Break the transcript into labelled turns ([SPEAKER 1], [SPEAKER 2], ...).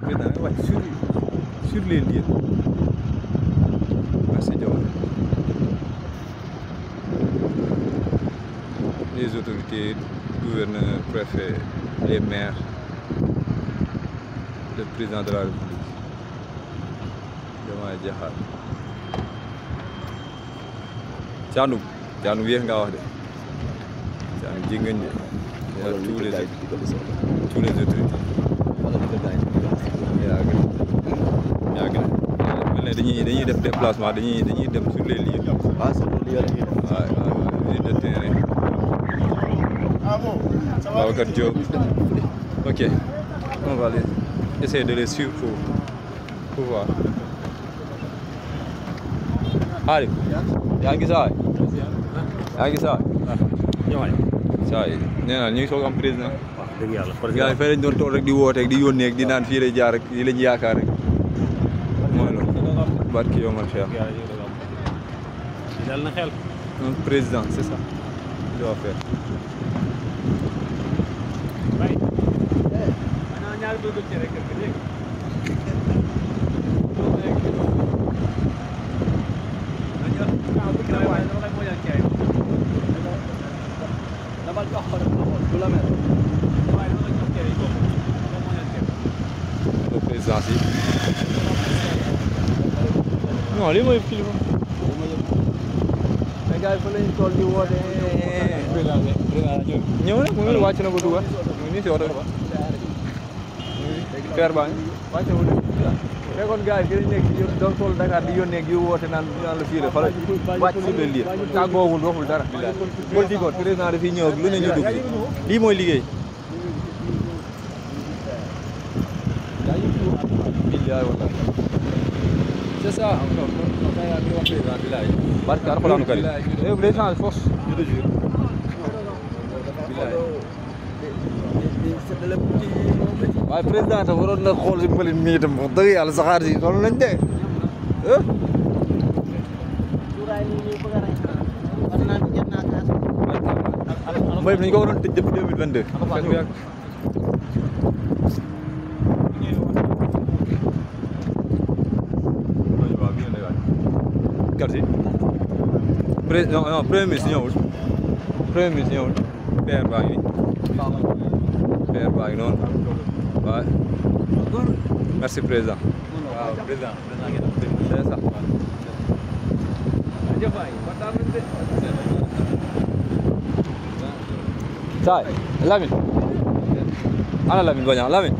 [SPEAKER 1] président nga wàcc sur président de la République Diomaye Diakhar Thiandoum Thiandoum yéex wax de Thiandoum ji de tous les autorités dañuy dañuy def déplacement dañuy dañuy dem sur les lieux. ah sur les lieux waaw de terrain. Babacar Diop ok on va les essayer de les suivre pour pour voir. Arif yaa ngi saa yaa ngi saa saa yi nee naa ñu ngi soog am président. waaw dëgg yàlla. parce que gars yi fay lañ doon toog rek di wooteeg di yónneeg di naan fii lay jaar rek yi lañ yaakaar rek. barki yow ma xeex. dal na xel. un président c'est ça. il doit faire. présidence yi non lii mooy kilifa. mais gars yi fa lañ toll di woote. ñëw na mu ngi wàcc na ko dugal mu ngi nii si oto bi. père baa ngi wàcc na ko dugal. fekkoon gars yi fii lañ nekk di doon toll Dakar di yónnee ak yu woote naan naan la fii la fa la wàcc si la lii tàggoogul waxul dara. politique kon président dafiy ñëw ak lu ne ñu dugg lii mooy liggéey. billaay wallaay c'est ça encore kon kay yaa ngi wax président bilaay. barke alxuraanu kariim eh bu dee change force. je te jure. bilaay. waaye président tam waroon na xool si mbalit mi itam wax dëgg yàlla saxaar si noonu lañ dee. mbay mi dañu ko waroon tëj depuis deux mille vingt deux. કરશે પ્રેમી સિંહોડ પ્રેમી સિંહોડ પેર ભાગની પેર ભાગનો ભાઈ merci non. waaw président c'est ça Sai, Lamin. Ana Lamin goña, Lamin.